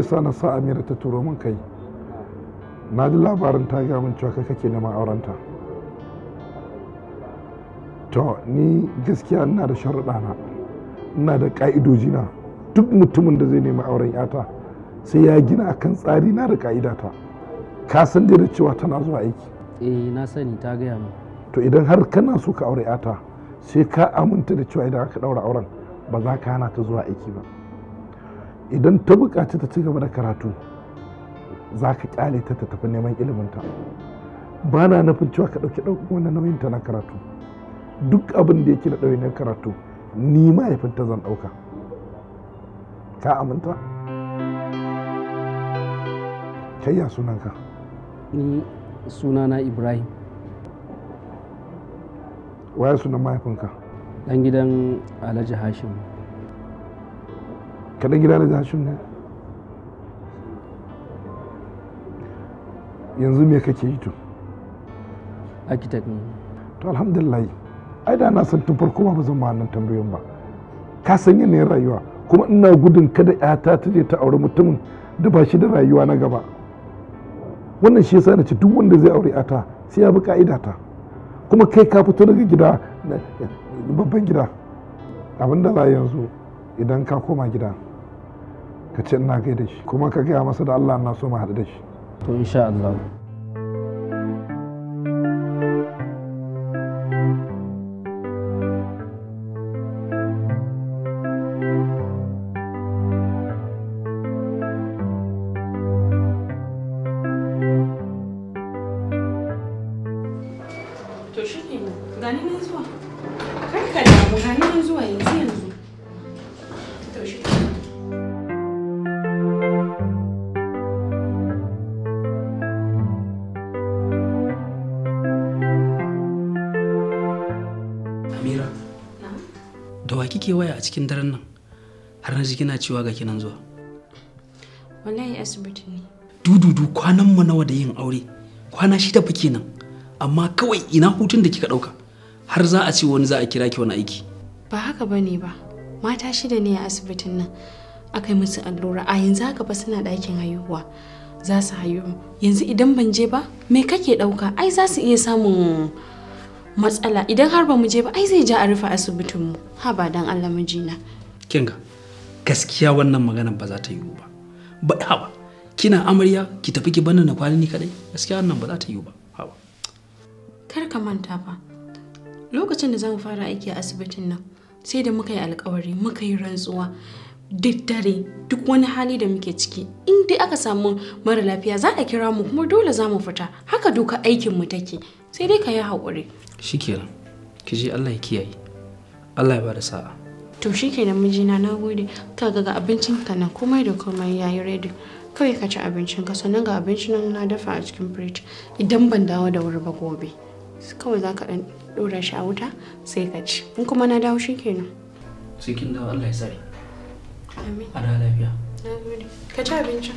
isa na sa amira ta turo min kai na ji labarin ta gaya min cewa kake neman aurenta to ni gaskiya ina da sharuɗa na ina da ƙa'idoji na duk mutumin da zai nemi auren yata sai ya gina akan tsari na da ta ka san da cewa tana zuwa aiki eh na sani ta gaya min to idan har kana so ka aure yata sai ka aminta da cewa idan aka ɗaura auren ba za ka hana ta zuwa aiki ba idan ta buƙaci ta ci gaba da karatu za ka kyale ta ta tafi neman iliminta ba na nufin cewa ka ɗauki wannan nauyin ta na karatu duk abin da yake da na karatu ni mahaifinta zan ɗauka ka aminta kai ya sunanka ni sunana ibrahim waye sunan mahaifinka dan gidan alhaji hashim kaɗan gida da hashim ne yanzu me kake yi to architect ne to alhamdulillah ai da na san tun farko ba zan ma nan tambayoyin ba ka san ne rayuwa kuma ina gudun kada ƴata ta je ta auri mutumin da ba shi da rayuwa na gaba wannan shi yasa ci duk wanda zai aure ƴata sai ya bi ka'ida ta kuma kai ka fito daga gida babban gida abinda za yanzu idan ka koma gida ka ce ina da shi kuma ka gaya masa da Allah na so mu haɗu da shi to insha Allah waya a cikin daren nan har na ji kina cewa ga kinan zuwa wallahi asibiti ne dududu kwanan mu nawa da yin aure kwana shida fa nan amma kawai ina hutun da kika dauka har za a ce wani za a kira ki wani aiki ba haka bane ba mata shida ne a asibitin nan aka yi musu allura a yanzu haka ba suna ɗakin haihuwa za su haihu yanzu idan ban je ba me kake dauka ai za su iya samun matsala idan har ba mu je ba ai zai ja a rufe asibitinmu ha ba dan Allah mijina kinga gaskiya wannan magana ba za ta yiwu ba ba hawa kina amarya ki tafi ki bani na kwana ni kadai gaskiya wannan ba za ta yiwu ba hawa kar ka manta ba lokacin da zan fara aiki a asibitin nan sai da muka yi alkawari muka yi rantsuwa duk dare duk wani hali da muke ciki in dai aka samu mara lafiya za a kira mu kuma dole za mu fita haka doka aikin mu take sai dai ka yi haƙuri shikenan ki je Allah ya kiyaye Allah ya bada sa'a to shikenan mijina na gode ka ga ga abincin ka na komai da komai yayi ready kawai ka ci abincin ka sannan ga abincin nan na dafa a cikin fridge idan ban dawo da wuri ba gobe kawai za ka dan dora shi a wuta sai ka ci in kuma na dawo shikenan sai kin dawo Allah ya sare amin a lafiya na gode ka ci abincin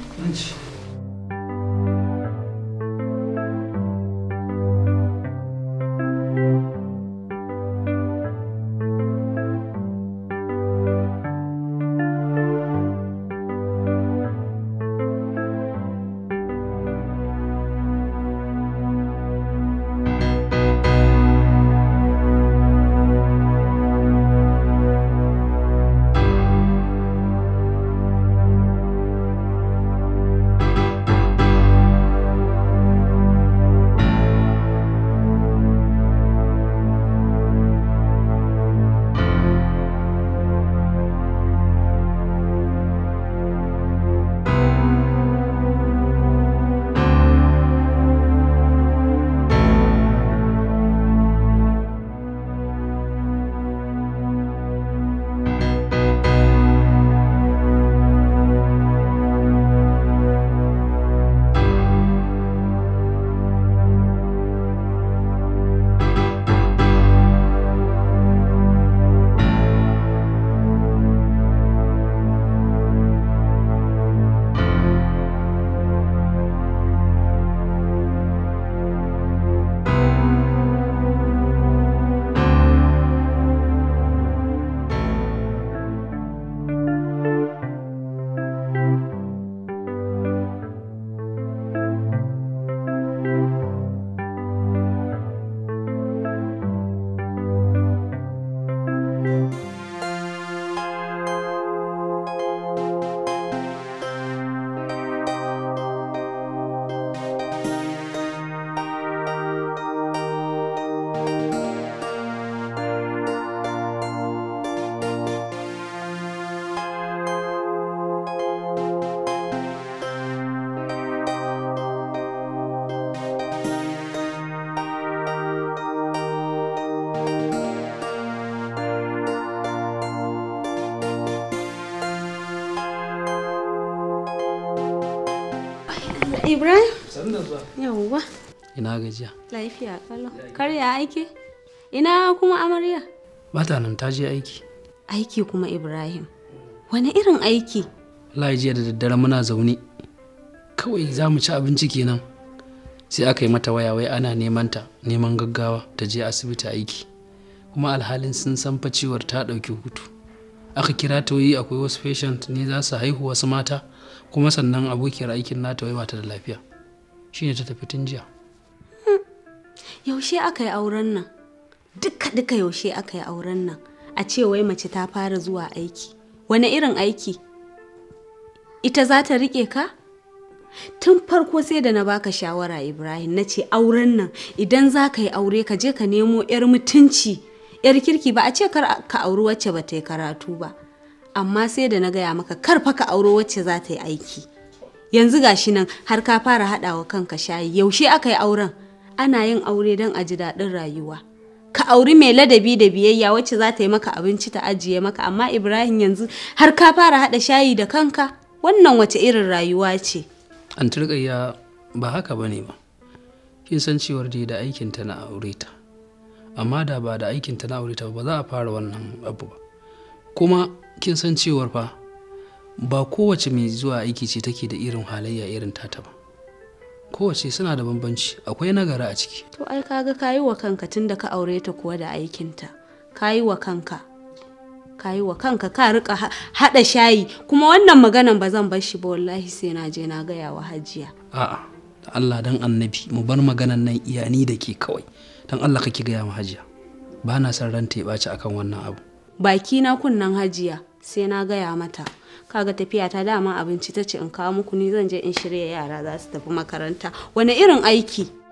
Ibrahim? Sanda Ina gajiya. Lafiya kalo. Karya aiki? Ina kuma amarya? Bata nan ta je aiki. Aiki kuma Ibrahim. Wani irin aiki? Lai jiya da daddare muna zaune. Kawai za mu ci abinci kenan. Sai aka yi mata waya wai ana neman ta, neman gaggawa ta je asibiti aiki. Kuma alhalin sun san fa ciwar ta ɗauki hutu. Aka kira ta yi akwai wasu patient ne za su haihu wasu mata. kuma sannan abokiyar aikin nata wai bata da lafiya shine ta tafi tun jiya yaushe aka yi auren nan duka duka yaushe aka yi auren nan a ce wai mace ta fara zuwa aiki wani irin aiki ita za ta rike ka tun farko sai da na baka shawara ibrahim na ce auren nan idan za ka yi aure ka je ka nemo 'yar mutunci 'yar kirki ba a ce ka auri wacce ba ta yi karatu ba amma sai da na gaya maka karfa ka auro wacce za ta yi aiki yanzu gashi nan har ka fara haɗawa kanka shayi yaushe aka yi auren ana yin aure don a ji daɗin rayuwa ka auri mai ladabi da biyayya wacce za ta yi maka abinci ta ajiye maka amma ibrahim yanzu har ka fara haɗa shayi da kanka wannan wace irin rayuwa ce an turgayya ba haka bane ba kin san cewar dai da aikin ta na aure ta amma da ba da aikin ta na aure ta ba za a fara wannan abu ba kuma kin san cewar fa ba kowace mai zuwa aiki ce take da irin halayya irin tata ba kowace suna da bambanci akwai nagara a ciki to ai kaga kayi wa kanka tunda ka aure ta kuwa da aikinta kayi wa kanka kayi wa kanka ka rika hada shayi kuma wannan maganan ba zan bar shi ba wallahi sai na je na gaya wa hajiya a'a Allah dan annabi mu bar maganan nan iyani da ke kawai dan Allah kake gaya ma hajiya ba na son ranta ya ɓaci akan wannan abu baki na kunnen hajiya sai na gaya mata kaga tafiya ta dama abinci ta ce in kawo muku ni zan je in shirya yara za su tafi makaranta wani irin aiki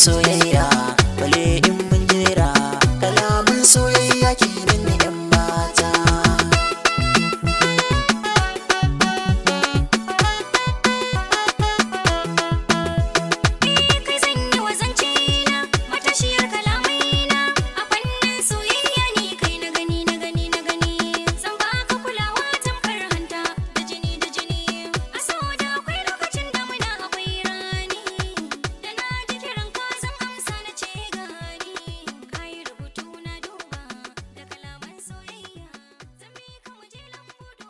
so yeah,